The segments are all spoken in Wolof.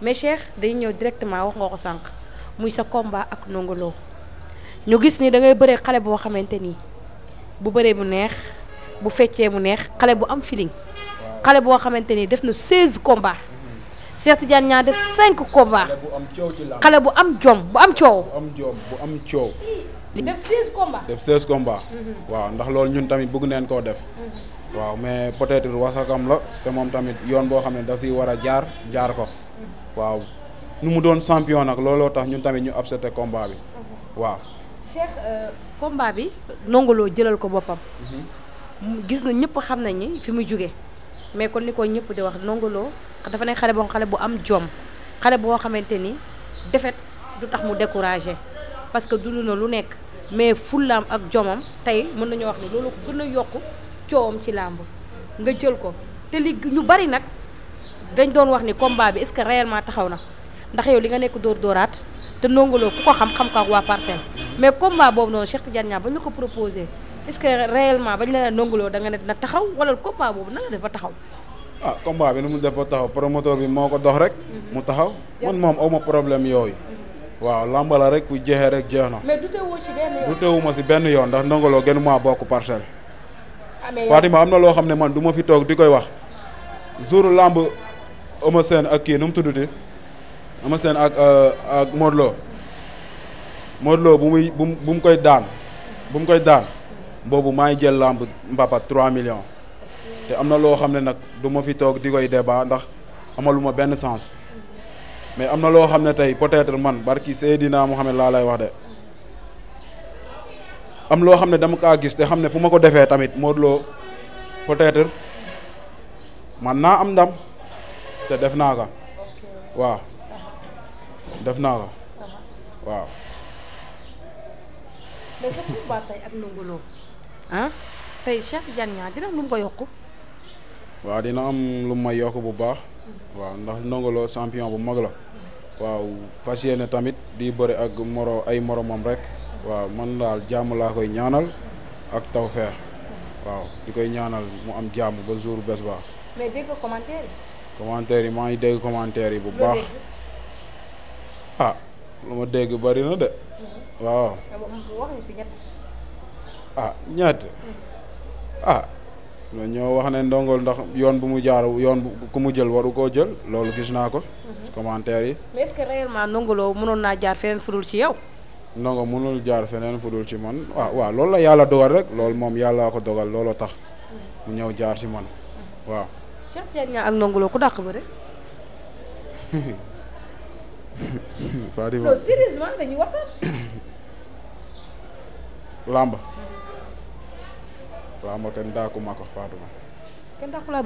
mais Cheikh day ñëw directement wax nga ko sànq muy sa combat ak Ndongo Lo ñu gis ni da ngay xale boo xamante ni. bu bëree mu neex bu feccee mu neex xale bu am feeling xale boo xamante ni def na 16 combats Cheikh Tidiane Niang def 5 combats xale bu am jom bu am coow. bu am jom bu am coow. def 16 combats def 16 combats. Mhm. waaw ndax loolu ñun tamit bëgg neen koo def. Mhm. waaw mais peut-être wasakam la te moom tamit yoon boo xam ne da si war a jaar jaar ko. Mhm. waaw nu mu doon champion nag looloo tax ñun tamit ñu accepté combat bi waaw. Cheikh. Euh, combat bi Ndongo Lo jëlal ko boppam. Mhm. gis na ñëpp xam nañ ni fi muy jóge mais kon ni ko ñëpp di wax Ndongo Lo dafa nekk xale boo xale bu am jom xale boo xamante ni defet du tax mu découragé parce que du na lu nekk mais fullaam ak jomam tey mën nañoo wax ni loolu ko gën a yokk coowam ci làmb nga jël ko te li ñu bari nag dañ doon wax ni combat bi est-ce que réellement taxaw na ndax yow li nga nekk dóor dóoraat te Ndongo Lo ku ko xam xam ko ak waa parcelle mais combat boobu noonu Cheikh Tidiane Niang ba ñu ko proposé est-ce que réellement bañ la ne Ndongo Lo ne dina taxaw wala combat boobu na la def ba taxaw. ah combat bi nu mu def ba taxaw promoteur bi moo ko dox rek. mu taxaw man moom aw ma problème yooyu. Mhm. waaw lamba la rek bu jeexee rek jeex na. mais dutewoo ci benn yoon dutewuma ci benn yoon ndax Ndongo Lo gënu maa bokk parcelle. Ah, Fatima am na loo xam ne man duma fi toog di koy wax. jour lamb Eumeu ak kii nu mu tuddati. Eumeu Sène ak euh, ak Modou moorloo bu muy bu mu koy daan bu mu koy daan boobu maa ngi jël làmb mbapat 3 millions te am na loo xam ne nag du ma fi toog di koy débat ndax amaluma benn chance mais am na loo xam ne tey peut-être man barki Seydina Mohamed laa lay wax de am loo xam ne dama kaa gis te xam ne fu ma ko defee tamit Modou Lo man naa am ndam te def naa ko waaw. def naa ko uh-huh. waaw. mais sa combat tey ah? dina am lu ko yokk. waaw dina am lu ma yokk bu baax. Mm-hmm. waaw ndax Ndongo Lo champion bu mag la. waaw fas yéene tamit di bëri ak moro ay moromam rek. Mm-hmm. waaw man daal jàmm laa koy ñaanal ak tawfeex. Mm-hmm. waaw di koy ñaanal mu am jàmm ba jour bés baax. mais yi. maa ngi dégg commentaire yi bu baax. ah lu ma dégg bari na de waaw. wax si ñett. ah ñett ah wax ne ndongol ndax yoon bu mu jaar yoon bu ku mu jël waru koo jël loolu gis naa ko. ci commentaire yi. mais est-ce que réellement Ndongo mënoon naa jaar feneen fudul ci yow. Ndongo mënul jaar feneen fudul ci man waaw ah, waaw loolu la yàlla dogal rek loolu moom yàllaa ko dogal looloo tax mu ñëw jaar ci man waaw. Cheikh Diagne ak Ndongo Lo ku dàq bëre. làmb non sérieusement dañuy waxtaan. Lamba. kenn daaku ko Fatima. kenn daaku laa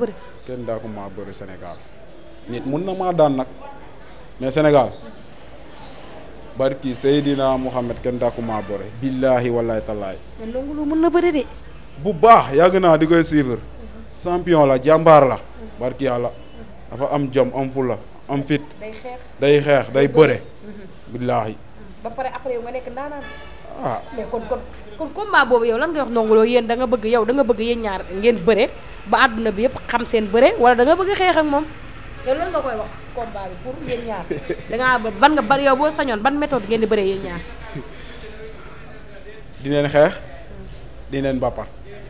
bëri. nit mun na maa daan nag mais senegal barki Seydina Mouhamed kenn daaku maa bëri. billaahi wallaahi tallaahi. mais mun na bëri de. bu baax yàgg naa di koy suivre. champion la jàmbaar la. Mm-hmm. barki yàlla dafa am jom am fulla am fit. day xeex day xeex day bëre. billaahi. ba pare après yow nga nekk naanaan. ah mais kon kon kon combat boobu yow lan ngay wax Ndongo Lo yéen danga bëgg yow danga bëgg yéen ñaar ngeen bëre ba àdduna bi yëpp xam seen bëre wala da nga bëgg xeex ak moom yow lan nga koy wax pour yéen ñaar ban nga ban yow boo sañoon ban méthode ngeen di bëre yéen ñaar. di leen xeex di leen bappat.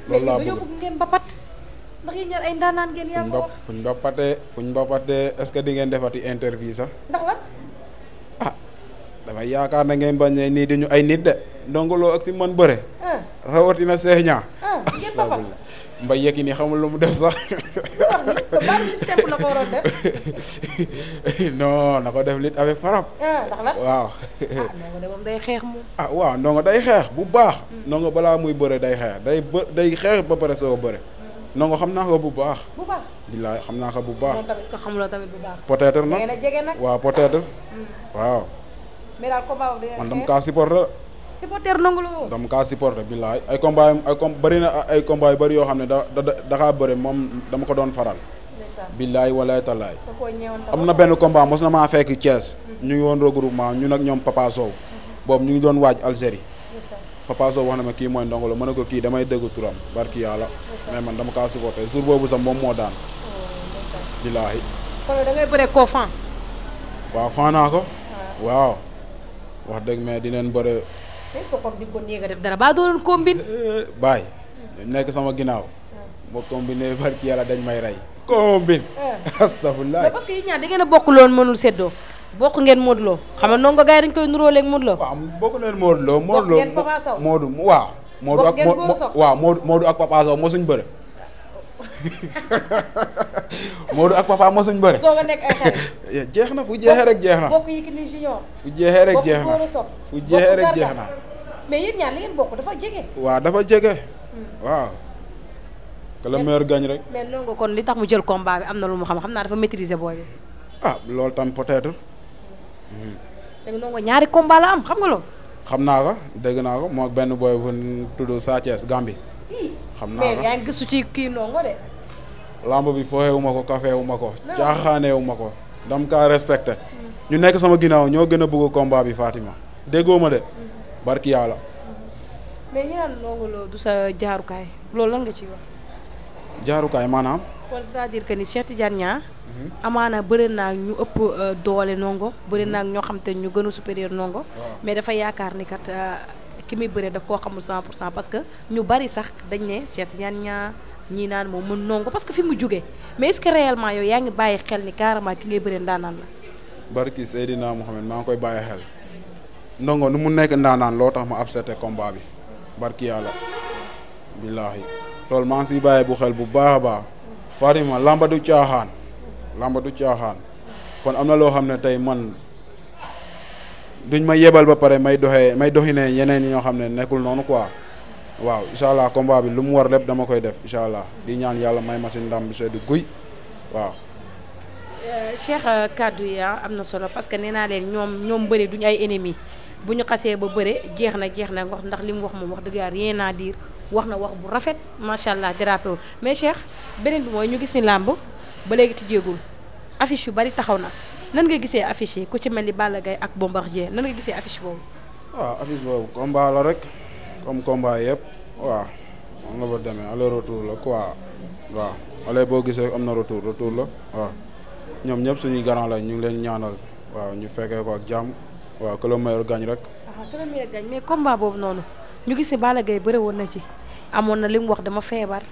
loolu laa bëgg ngeen bappat. ndax yéen ñaar ay ndaanaan ngeen yaa ko est-ce di ngeen defati interview sax ndax ah damay yaakaar na ngeen bañee nii di ay nit de ndongoloo ak si man bëre ah. rawatina ah, seeña astafurlah mbay yekki ni xamul lu mu def sax non na ko def lit ah, waaw ah waaw ndongo day xeex bu baax mm. ndongo balaa muy bëre day xeex day bë day xeex ba pare soo bëre non xam naa ko bu baax. bu billaay xam naa ko bu baax. moom tamit est tamit bu baax. nag waaw peut-être. Hmm. waaw. mais man dama kaa supporter. supporter nangu la woo. kaa supporter billaay ay combat ay com bëri na ay combat yu yoo xam ne da da da kaa bëri moom dama ko doon faral. billaay walaay tallaay am na benn combat mos na maa fekk Thiès. Hmm. ñu ngi woon regroupement ñun ak ñoom Papa hmm. boobu ñu ngi doon waaj Algérie. Papa Sow wax na ma kii mooy Ndongo Lo ma ne ko kii damay dégg turam barki yàlla. mais man dama kaa supporté jour boobu sax moom moo daan. Oh, billaahi. kon da bëre koo fan. waaw fan naa ko. waaw wax dëgg mais dinañ bëre. di ko néeg baa doon combine. Eh, eh, baay nekk sama ginnaaw. moo hmm. combine barki dañ may rey. combine. Eh. astafurlaay. parce bokk loon mënul seddoo bokk ngeen Modou Lo xam nga noonu ko gars yi dañ koy nuróoleeg Modou Lo. waaw bokk ngeen Modou Lo. bokk ngeen Papa Sow Modou waaw. bokk ngeen Gora Sow waaw Modou Modou ak Papa Sow mosuñ bëre. Modou ak Papa mosuñ bëre. soo ko nekk ay xarit. Eh, jeex na fu jeexee rek jeex na bokk Yékini Junior. fu jeexee rek jeex na bokk Gora Sow fu jeexee rek jeex na. mais yéen ñaar li ngeen bokk dafa jege. waaw dafa jege. Hmm. waaw. que le meilleur gagne rek. mais noonu nga kon li tax mu jël combat bi am na lu mu xam xam naa dafa maîtriser booy bi. ah loolu tam peut-être. te ñaari combat am xam nga loolu. xam naa ko dëgg naa ko moo benn booy bu tudd Sa Thiès Gambie. xam naa ko yaa ngi gëstu ci kii Ndongo de. lamb bi fooxeewu ma ko kafeewu ko. caaxaaneewu ko. dam kaa respecté. ñu nekk sama ginnaaw ñoo gën a bëgg combat bi Fatima déggoo ma de. Mhm. barki yàlla. Mhm. mais ñi naan Ndongo Lo du sa jaarukaay loolu lan nga ciy wax. jaarukaay maanaam. kon c'est-à-dire que ni Cheikh Mm-hmm. amaana bëri naa ñu ëpp euh, doole nongo bëri naa mm-hmm. ñoo xam te ñu gën a supérieur nongo mais dafa yaakaar ni kat euh, ki muy bëree daf koo xamul 100 pour parce que ñu bari sax dañ ne Cheikh Tidiane ñaa ñii naan moom mën nongo parce que fi mu jugee mais est-ce yow yaa ngi bàyyi xel ni carrément ki ngay bëree ndaanaan la. barki Seydina Mohamed maa ngi koy bàyyi xel ndongo nu mu nekk ndaanaan loo tax ma abseté combat bi barki yàlla billaahi loolu maa ngi siy bàyyi bu xel bu baax a du làmb du caaxaan kon am na loo xam ne tey man duñ ma yebal ba pare may doxee may doxinee yeneen ñoo xam ne nekkul noonu quoi waaw incha allah combat bi lu mu war lépp dama koy def incha allah di ñaan yàlla may ma si ndam bi seddu guy waaw. Euh, Cheikh euh, kaddu yi ah, am na solo parce que nee naa leen ñoom ñoom bëri duñ ay ennemis bu ñu xasee ba bëre jeex na jeex na wax ndax li mu wax moom wax dëgg yàlla rien à dire wax na wax bu rafet macha allah dérapé mais Cheikh beneen bi mooy ñu gis ni làmb. ba léegi tijjeegul affiche yu bari taxaw na nan nga gisee affiche yi ku ci mel ni Balla Gaye ak Bombardier nan nga gisee affiche boobu. waaw ah, affiche boobu combat la rek comme combat yëpp waa moom la ba demee aller retour la quoi waaw aller boo gisee am na retour retour la waaw ñoom ñëpp suñuy garant la ñu ngi leen ñaanal waaw ñu fekkee ko ak jàmm waaw que le meilleur gagne rek. waaw ah, que le meilleur boobu noonu ñu gis ne Balla Gaye bëre woon na ci amoon na li mu wax dama feebar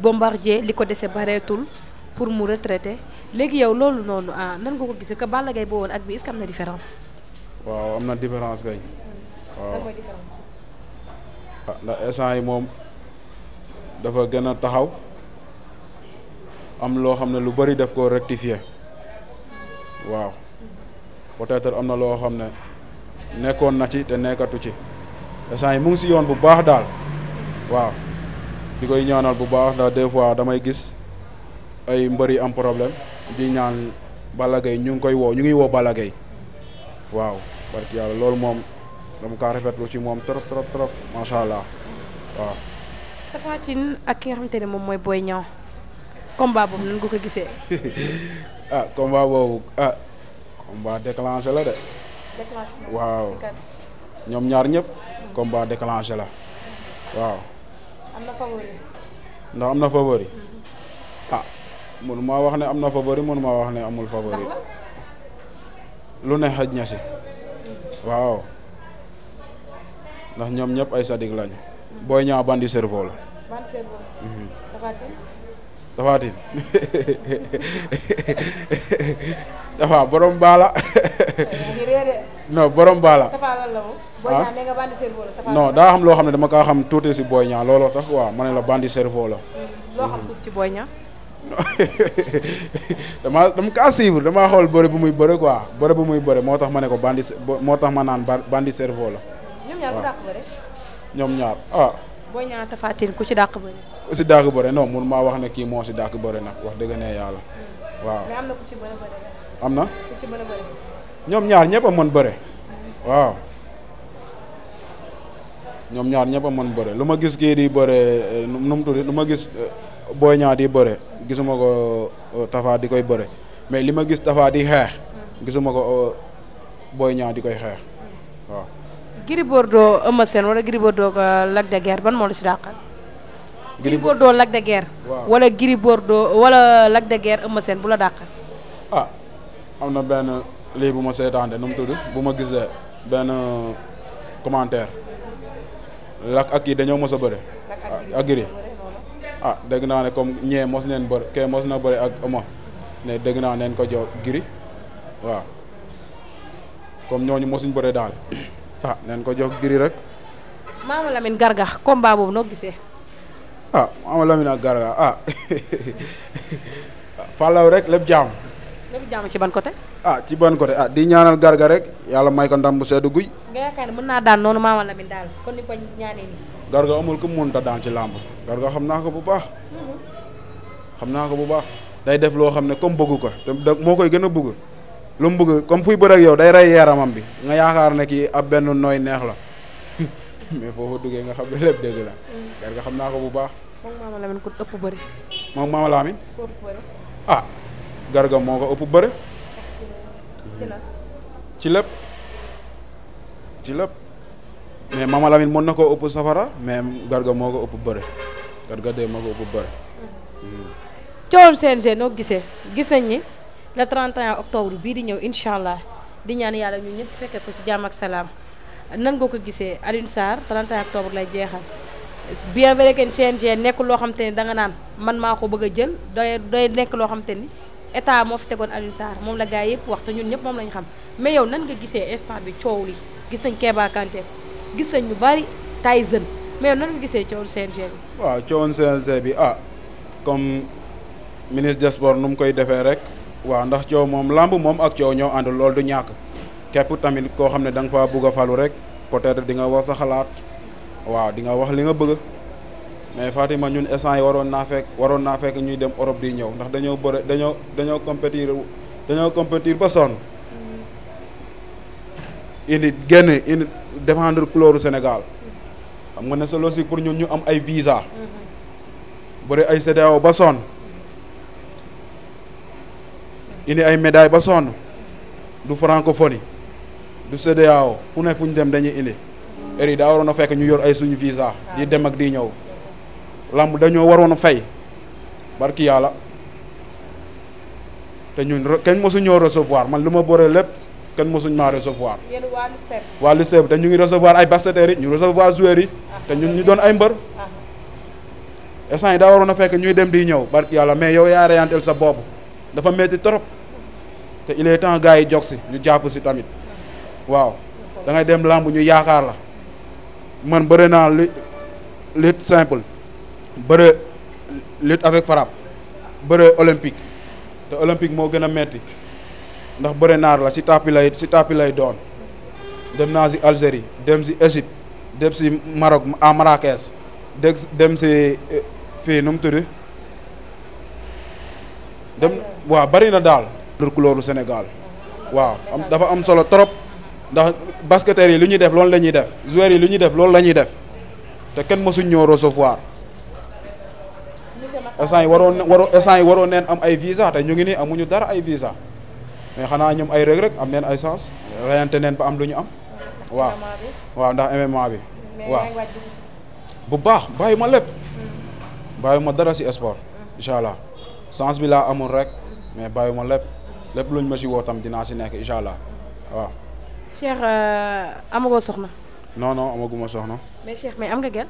Bombardier li ko dese bareetul. pour mu retraité léegi yow loolu noonu ah nan nga ko gisee que Balla Gaye boo woon ak bi est-ce que am na différence. am na différence kay. waaw ah, ndax instant yi moom dafa gën a taxaw am loo xam ne lu bari def koo rectifier waaw peut-être am na loo xam ne nekkoon na ci te nekkatu ci instant yi mu si yoon bu baax daal waaw di koy ñaanal bu baax ndax des fois damay gis. ay mbër yi am problème di ñaan Balla Gaye ñu ngi koy woo ñu ngi woo Balla waaw parce yàlla loolu moom dama kaa rafetlu ci moom trop trop trop macha allah waaw. Tapha Tine ak ki nga xamante ne moom mooy Boy Niang combat boobu nan nga ko gisee. ah combat boobu ah combat déclenché la de. waaw ñoom ñaar ñëpp. combat déclenché la waaw. na favori. ndax am na favori. Mm-hmm. ah. mënu maa wax ne am na favori mënu maa wax ne amul favori lu ne xaj na si waaw ndax ñoom ñëpp ay sadik lañu booy ñaa bandi cerveau la mhm. tafaatin tafa borom baala non borom baala ah? non daa xam loo xam ne dama kaa xam tuuti si booy ñaa looloo tax waaw ma ne la bandi cerveau la hmm, damaa dama kaa suivre damaa xool bëre bu muy bëre quoi bëre bu muy bëre moo tax ma ne ko bandi moo tax ma naan bandi cerveau la. ñoom ñaar ku dàq ah. boo ñaar Tapha Tine ku ci dàq bëre. ku ci dàq bëre non mun maa wax ne kii moo ci dàq bëre nag wax dëgg ne yàlla. waaw am na ñoom ñaar ñëpp a mën bëre. waaw. ñoom ñaar ñëpp a mën bëre lu ma gis kii di bëre eh, nu mu lu ma gis. Eh, Boy Niang di bëre gisuma ko Tapha di koy bëre mais li ma gis Tapha di xeex gisuma ko Boy Niang di koy xeex waaw. Gris Bordeaux Eumeu Sène wala Gris Bordeaux euh, Lac de Guiers ban moo la si dàqal. Gris Bordeaux Lac de Guiers. wala Gris Bordeaux wala euh, Lac de Guiers Eumeu Sène bu la dàqal. ah am na benn bu ma seetaan de tudd bu ma gis benn euh, commentaire Lac ak kii dañoo mos a bëre. ak Gris ah, ah dégg naa ne comme ñee mos neen bëri kee mos na bëri ak ama ne dégg naa neen ko jox giri waaw comme ñooñu mosuñ bëre daal ah neen ko jox giri rek. Mama Lamine Garga baa boobu noo gisee. ah Mama Lamine ak Garga ah Fallaw rek lépp jaam. lépp jaam ci ban côté. ah ci ban côté ah di ñaanal Garga rek yàlla may ko ndam bu seddu guy. nga naa daan noonu Mama Lamine daal kon ni ko ñaanee nii. Garga amul ku mënta daan ci làmb Garga xam naa ko bu baax. xam naa ko bu baax day def loo xam ne comme bëgg ko te moo koy gën a bëgg lu mu bëgg comme fuy bëre ak yow day rey yaramam bi nga yaakaar ne kii ab benn nooy neex la mais foofu duggee nga xam ne lépp dégg la. Garga xam naa ko bu baax. moom Maama Lamine ku moom Maama Lamine. ku ëpp bëri. ah Garga moo ko ëpp bëri. ci lépp ci lépp. mais Mama Lamine mën na koo ëpp safara mais Garga moo ko ëpp bëre Garga de moo ko ëpp bëre. Mm-hmm. coowal CNG noo gisee gis nañ ni le 31 octobre bii di ñëw incha allah di ñaan yàlla ñun ñëpp fekkee ko ci jàmm ak salaam nan nga ko gisee Alioune Sarr 31 octobre lay jeexal. bien vrai que CNG nekk loo xam te ni danga naan man maa ko bëgg a jël doy doy nekk loo xam te ni état moo fi tegoon Alioune Sarr moom la gars yëpp wax te ñun ñëpp moom lañ xam mais yow nga gisee instant bi coow li gis nañ Keba Kanté gis nañ ñu bari Tyson mais nan nga gisee coowu CNG bi. waaw coowu CNG bi ah comme ministre des sports nu mu koy defee rek waaw ndax coow moom làmb moom ak coow ñoo ànd lool du ñàkk képp tamit koo xam ne danga nga faa bëgg falu rek peut-être di nga wax sa xalaat waaw di nga wax li nga bëgg. mais Fatima ñun instant yi waroon naa fekk waroon naa fekk ñuy dem Europe di ñëw ndax dañoo bëre dañoo dañoo compétir dañoo compétir ba sonn mm. indi génn indi défendre couleur Sénégal xam nga ne c'est aussi pour ñun ñu am ay visa mhm. bëri ay CEDEAO ba sonn indi ay médaille ba sonn du francophonie du CEDEAO fu ne fu ñu dem dañuy indi mhm. eri daa waroon a fekk ñu yor ay suñu visa ah. di dem ak di ñëw lamb dañoo waroon a fay barki yàlla te ñun kenn mosu ñoo recevoir man lu ma boree lépp kenn mosuñ maa recevoir. yéen waa Lucef. waa Lucef te ñu ngi recevoir ay basketteurs yi ñu recevoir joueurs yi. te ñun ñu doon ay mbër. Ah. instant yi daa waroon a fekk ñuy dem di ñëw barki yàlla mais yow yaa reyantel sa bopp dafa metti trop te il est temps gars yi jox si ñu jàpp si tamit waaw da ngay dem làmb ñu yaakaar la man bëre naa lu lutte simple bëre lutte avec frappe bëre olympique te olympique moo gën a metti ndax bëre naar la si tapis lay si tapis lay doon dem naa si Algérie dem si Égypte dem si Maroc à Marrakech dég dem si eh, fi nu mu dem waa bëri na daal couleur Sénégal waaw dafa am solo trop ndax basketteurs yi lu ñuy def loolu la ñuy def joueurs yi lu ñuy def loolu la ñuy def te kenn mësuñ ñoo recevoir essant yi waroo waroo essant yi waroo neen am ay visa te ñu ngi nii amuñu dara ay visa mais xanaa ñoom ay rëg rek am neen ay sens rayante neen ba am lu ñu am waaw waaw ndax MMA bi waaw bu baax bàyyi ma lépp mm. bàyyi ma dara si sport mm. incha allah sens bi laa amul rek mais bàyyi ma lépp lépp luñ ma si woo tam dinaa si nekk incha allah waaw Cheikh euh, amagoo soxna non non amaguma soxna mais Cheikh mais am nga gel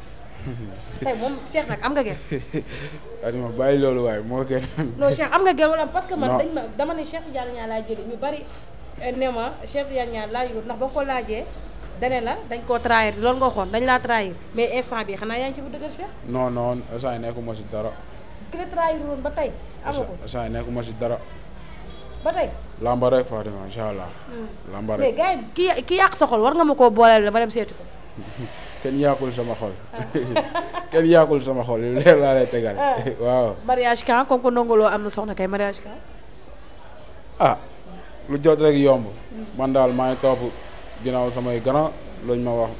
tey moom Cheikh nag am nga gel. Adama bàyyi loolu waaye moo gën. non Cheikh am nga gel wala parce que man. dañ ma dama ne Cheikh Tidiane eh, ma Cheikh Tidiane Niang laa ko laajee dane la dañ koo trahir loolu nga waxoon dañ laa trahir mais instant bi xanaa yaa ngi ci bu dëgër Cheikh. non non ba tey. amoo ko instant yi nekkuma si allah. lamba rek hmm. mais war nga ma koo booleel ba dem seeti ko. kenn yaakul sama xol kenn yaakul sama xol lu leer laa lay tegal ah. waaw. mariage quand comme que Ndongo am na soxna kay mariage quand. ah lu jot rek yomb. man daal maa ngi topp ginnaaw samay grand luñ ma wax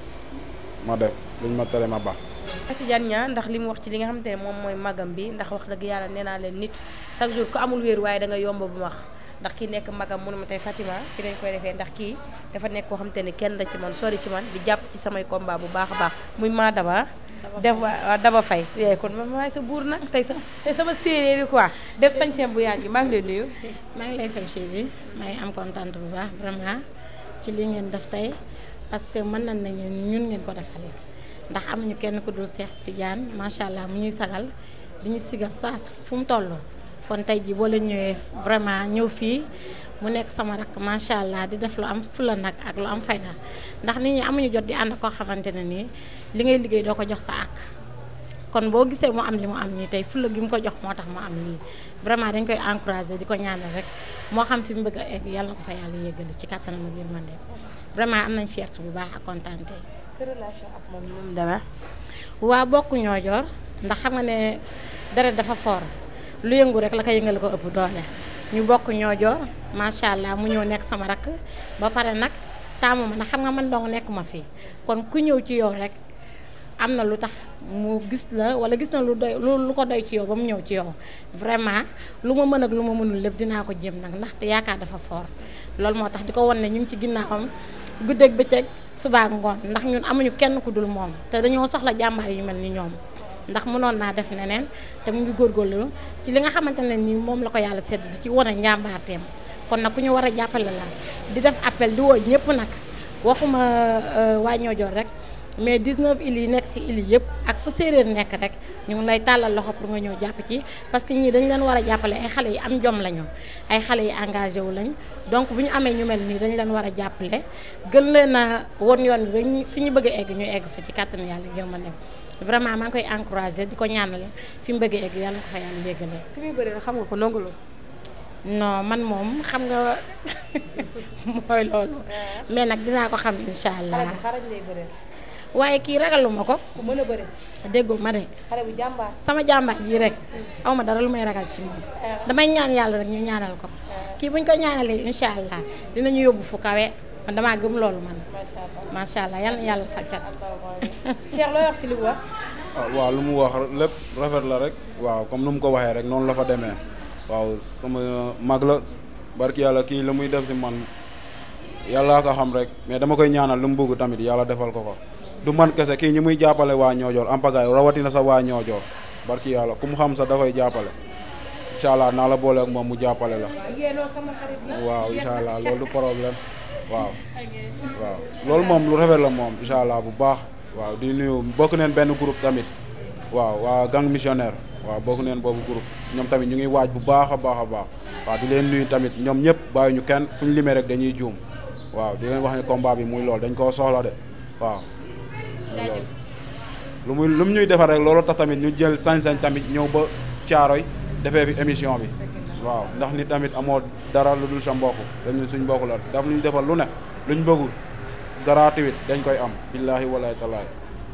ma def luñ ma tere ma baax. Aty Diagne ndax li mu wax ci li nga xam te ne moom mooy magam bi ndax wax dëgg yàlla nee naa leen nit chaque jour ku amul wéeru waaye da nga yomb bu wax. ndax kii nekk magam mënu ma tey Fatima fi lañ koy defee ndax kii dafa nekk koo xam te ne kenn la ci man sori ci man di jàpp ci samay combat bu baax a baax muy maa daba daba daba fay yee eh, kon ma maay sa buur nag tey sa sama séeréer yi quoi def sañseen bu yaan yi maa ngi lay nuyu maa ngi lay fay chérie maa ngi am kontaan bu baax vraiment ci li ngeen def tey parce que mën nañ nañu ñun ngeen ko defal ndax am ñu kenn ku dul Seex Tijaan macha allah mu ñuy sagal di ñu sigal fu mu toll kon tey jii boo leen ñëwee vraiment ñëw fii mu nekk sama rakk macha allah di def lu am fula nag ak lu am fayda ndax nit ñi amuñu jot di ànd koo xamante ne nii li ngay liggéey doo ko jox sa àq kon boo gisee mu am li mu am nii tey fula gi mu ko jox moo tax mu am lii vraiment dañ koy encouragé di ko ñaanal rek moo xam fi mu bëgg a egg yàlla na ko fa yàlla yégali ci kàttanam ak yërmande vraiment am nañ fierté bu baax ak kontaante sa moom ni mu waa bokk ñoo jor ndax xam nga ne dara dafa fort. lu yëngu rek la ko yëngale ko ëpp doole ñu bokk ñoo joor macha allah mu ñëw nekk sama rakk ba pare nag taamu ma na xam nga man doo dong ma fii kon ku ñëw ci yow rek am na lu tax mu gis la wala gis na lu doy lu ko doy ci yow ba mu ñëw ci yow vraiment lu ma mën ak lu ma mënul lépp dinaa ko jéem nag ndaxte yaakaar dafa foor loolu moo tax di ko won ne ñu ngi ci ginnaawam guddeeg bëccëg subaa ngoon ndax ñun amuñu kenn ku dul moom te dañoo soxla jàmbaar yu mel ni ñoom. ndax mënoon naa def neneen te mu ngi góorgóorlu ci li nga xamante ne nii moom la ko yàlla sedd di ci wane njàmbaarteem kon nag ku ñu war a jàppale la di def appel di woo ñëpp nag waxuma euh, waa Niodior rek mais 19 îles yi nekk si îles yëpp ak fu séeréer nekk rek ñu ngi lay tàllal loxo pour nga ñëw jàpp ci parce que ñii dañ leen war a jàppale ay xale yi am jom lañu ay xale yi engagé wu lañ donc bu ñu amee ñu mel nii dañu leen war a jàppale gën leen a yoon bi fi ñu bëgg a ñu egg fa ci kàttan yàlla ngir ma nekk vraiment maa ngi koy encouragé di ko ñaanal fi bëggee bëgg egg yàlla na ko fa yàlla yeggale. ki muy bëri xam nga ko nangaloo. non man moom xam nga mooy loolu. mais nag dinaa ko xam incha allah. xarañ waaye kii ragaluma ko. mën a bëri. déggoo ma de. xale bu jàmbaar. sama jàmbaar ji rek. aw ma dara lu may ragal ci moom. damay ñaan yàlla rek ñu ñaanal ko. kii buñ ko ñaanalee incha allah dinañu yóbbu fu kawe. man damaa gëm loolu man. macha allah yal na yàlla fàccat. Cheikh loo ah, waaw lu mu wax lépp rafet la rek. waaw comme nu mu ko waxee rek noonu la fa demee. waaw mag la barki yàlla kii la muy def si man yàlla ko xam rek mais dama koy ñaanal lu mu bëgg tamit yàlla defal ko ko. du man kese kii ñu muy jàppale waa ñoojoor ampagaay rawatina sa waa ñoojoor barki yàlla ku mu xam sa da jàppale. incha allah naa la booleek moom mu jàppale la. waaw incha allah loolu du problème. waaw waaw loolu moom lu rafet la moom incha allah bu baax waaw di nuyu bokk neen benn groupe tamit waaw waa gang missionnaire waaw bokk neen boobu group ñoom tamit ñu ngi waaj bu baax a baax a baax waaw di leen nuyu tamit ñoom ñëpp bàyyi ñu kenn fu ñu limee rek dañuy juum waaw di leen wax ne combat bi muy lool dañ koo soxla de waaw loolu lu muy lu mu ñuy defar rek loolu tax tamit ñu jël sañ-sañ tamit ñëw ba caaro yi defee fi émission bi waaw ndax ni tamit amoo dara lu dul sa mbokk dañu suñ mbokk la daf lu ñu defal lu ne lu ñu bëgg gratuit dañ koy am billaahi walaay talaay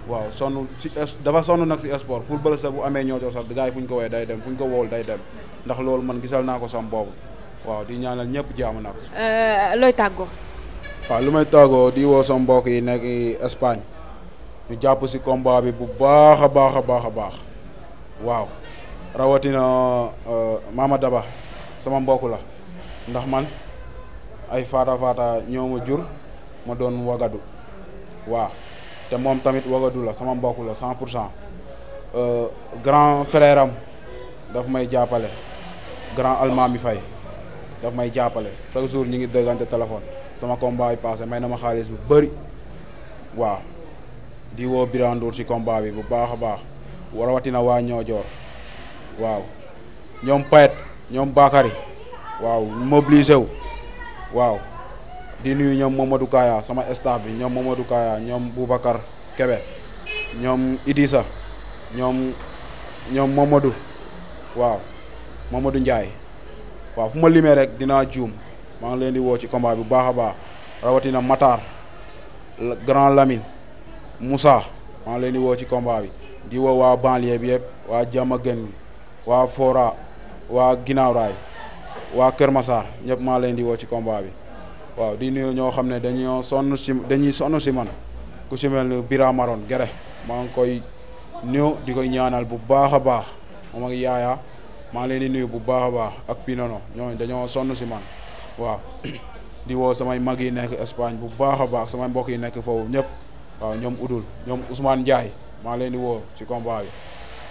waaw sonn si dafa sonn nag si sport football sa bu amee ñoo jox sax gars yi fu ñu ko woowee day dem fu ñu ko woowul day dem ndax loolu man gisal naa ko sam boobu waaw di ñaanal ñëpp jaamu nag euh, looy tàggoo waaw lu may tàggoo di woo sam mbokk yi nekk Espagne ñu jàpp si combat bi bu baax a baax a baax a baax waaw rawatina euh, Mama Daba sama mbokk la ndax man ay faata faata ñoo ma jur ma doon wagadu waaw te moom tamit wagadu la sama mbokk la cent pour cent euh, grand frère am dafa may jàppale grand allemand mi fay daf may jàppale chaque jour ñu ngi dëggante téléphone sama combat yi passé may na ma xaalis bu bëri waaw di woo Birane ci combat bi bu baax a baax rawatina waa Niodior waaw ñoom Payet ñoom Bakary waaw mobilisé wu waaw di nuyu ñoom Mamadou Kaya sama staff bi ñoom Mamadou Kaya ñoom Boubacar Kebe ñoom Idissa ñoom ñoom Mamadou waaw Mamadou njaay waaw fu ma limee rek dinaa juum maa ngi leen di woo ci combat bu baax a baax rawatina Matar Grand lamin Moussa maa ngi leen di woo ci combat bi di woo waa banlieue bi yëpp waa Diamaguène bi waa Fora waa Ginnaaw waa Kër Massar ñëpp maa leen di woo ci kombaa bi waaw di nuyu ñoo xam ne dañoo sonn si dañuy sonn si man ku ci mel ni Bira Maron Gere maa ngi koy nuyu di koy ñaanal bu baax a baax moom ak Yaaya maa ngi leen di nuyu bu baax baax ak Pinono ñooñu dañoo sonn si man waaw di woo samay mag yi nekk Espagne bu baax a baax samay mbokk yi nekk foofu ñëpp waaw ñoom Udul ñoom Ousmane Ndiaye maa leen di woo ci combat bi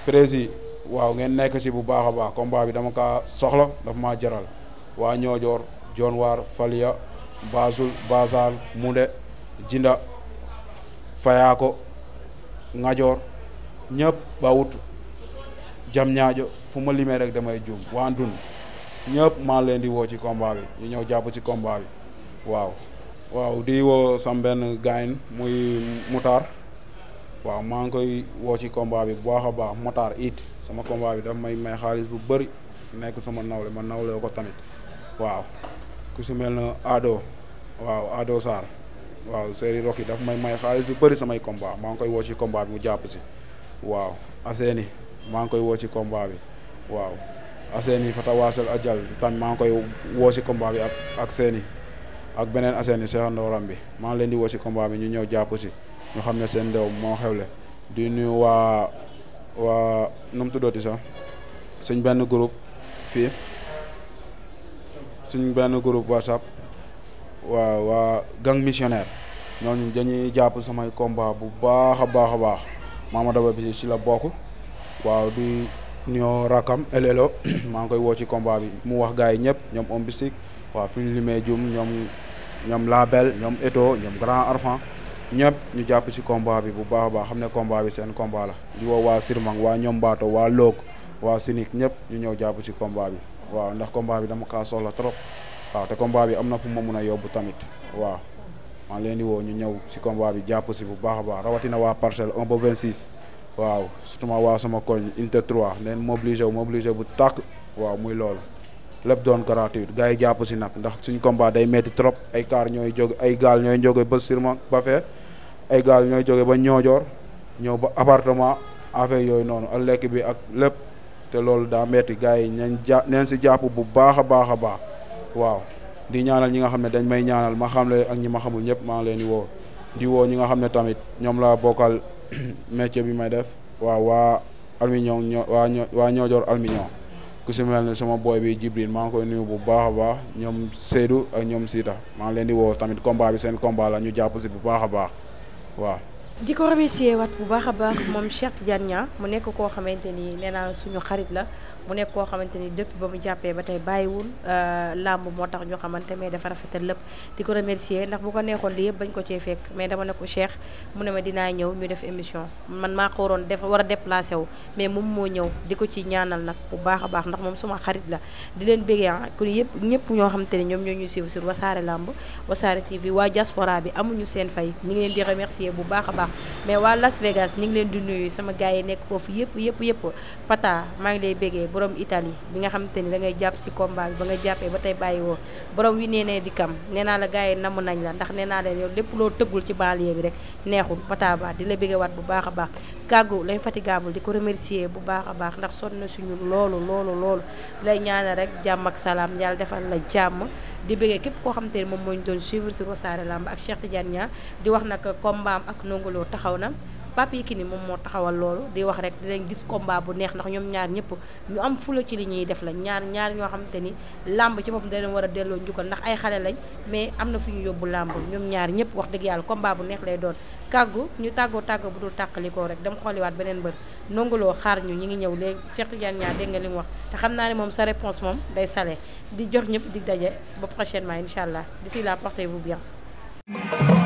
prési waaw ngeen nekk ci bu baax a baax combat bi dama ka soxla dafa maa jaral waa ñoojoor jon waar falia basul basal munde jinda fayaako ngajoor ñëpp bawut jam ñaajo fu ma limee rek damay juum waa ndun ñëpp maa leen di woo ci combat ñu ñëw jàpp ci combat bi waaw waaw di woo sam benn muy mutaar waaw maa ngi koy woo ci combat bi bu baax a baax Motaar it sama combat bi daf may may xaalis bu bari nekk sama nawle ma nawle ko tamit waaw ku si mel na Ado waaw Ado Sarr waaw Seri Rock yi daf may may xaalis bu bari samay combat maa ngi koy woo ci kombaa bi mu jàpp si waaw Aseni maa ngi koy woo ci combat bi waaw Aseni Fata Waasel Ajal tam maa ngi koy woo ci combat bi ak ak Seni ak beneen Aseni Cheikh Ndoram bi maa ngi leen di woo ci combat bi ñu ñëw jàpp si. ñu xam ne seen ndew moo xewle di nuyu waa waa nu mu tuddooti sax suñ benn groupe fii suñ benn group whatsapp waa waa gang missionnaire ñooñu dañuy jàpp samay combat bu baax a baax a baax maama daba bi ci la bokk waaw di ñoo rakam elelo maa ngi koy woo ci combat bi mu wax gaa yi ñëpp ñoom Homme Mystique waaw fi limee jum ñoom ñoom Label ñoom Eto ñoom Grand Arfan ñëpp ñu jàpp ci combat bi bu baax a xam ne combat bi seen combat la di woo waa Sirmang waa ñoom Baato waa Loog waa Sinik ñëpp ñu ñëw jàpp ci combat bi waaw ndax combat bi dama kaa soxla trop waaw te combat bi am na fu ma mun a yóbbu tamit waaw maa leen di woo ñu ñëw ci combat bi jàpp ci bu baax a baax rawatina waa parcelle 1 ba 26 waaw surtout waa sama koñ unité 3 neen mobilisé wu bu tàkk waaw muy loolu lépp doon gratuit gars jàpp si nag ndax suñ combat day metti trop ay kaar ñooy jóge ay gaal ñooy joge ba Sirma ba ay gaal ñooy jóge ba ñoojoor ñëw ba appartement affaire yooyu noonu ak lekk bi ak lépp te loolu daa metti gars yi nañ ja neen si jàpp bu baax a baax a baax waaw di ñaanal ñi nga xam ne dañ may ñaanal ma xam le ak ñi ma xamul ñëpp maa ngi leen di woo di woo ñi nga xam ne tamit ñoom laa bokkal métier bi may def waaw waa aluminium ñoo waa ñoo waa ñoojoor aluminium ku si mel ne sama boy bi Jibril maa ngi koy nuyu bu baax a baax ñoom Seydou ak ñoom Sita maa ngi leen di woo tamit combat bi seen combat la ñu jàpp si bu baax a baax waa di ko remercier waat bu baax a baax moom Cheikh Tidiane Niang mu nekk koo xamante ni nee naa suñu xarit la mu nekk koo xamante ni depuis ba mu jàppee ba tey bàyyiwul euh, làmb moo tax ñu xamante ne dafa rafetal lépp di ko remercier ndax bu ko neexoon li yëpp bañ ko cee fekk mais dama ne ko Cheikh mu ne ma ñëw ñu def émission man maa ko waroon def war a déplacé wu mais moom moo ñëw di ko ci ñaanal nag bu baax a baax ndax moom suma xarit la di leen bëggee ah ku yëpp ñëpp ñoo xamante ne ñoom ñoo ñuy suivre sur wasaare làmb wasaare TV waa diaspora bi amuñu seen fay ñu ngi leen di remercier bu baax a baax mais waa Las Vegas ñu ngi leen di nuyu sama gars yi nekk foofu yëpp yëpp yëpp Pata maa ngi lay bégee borom Italie bi nga xamante ni da ngay jàpp si combat bi ba nga jàppee ba tey bàyyi woon borom wi nee ne di kam nee naa la gars yi namm nañ la ndax nee naa leen yow lépp loo tëggul ci banlieue bi rek neexul Pata ba di la bégewaat bu baax a baax kàggu l'infatigable di ko remercier bu baax a baax ndax sonn na suñu loolu loolu loolu di lay ñaanal rek jàmm ak salaam yàlla defal la jàmm di bëggee képp koo xamante ne moom moo ñu doon suivre sur Wassare Lamb ak Cheikh Tidiane Niang di wax nag combat am ak Ndongo taxaw na Pape Yékini moom moo taxawal loolu di wax rek dinañ gis combat bu neex ndax ñoom ñaar ñëpp ñu am fula ci li ñuy def la ñaar ñaar ñoo xamante ni làmb ci boppam da leen war a delloo njukkal ndax ay xale lañ mais am na fu yóbbu làmb ñoom ñaar ñëpp wax dëgg yàlla combat bu neex lay doon kàggu ñu tàggoo tàggoo bu dul tàqalikoo rek dem xooliwaat beneen bër nonguloo xaar ñu ñi ngi ñëw léegi Cheikh Tidiane ñaar dégg nga li mu wax te xam naa ne moom sa réponse moom day sale di jox ñëpp di daje ba prochainement incha allah d'ici là portez bu bien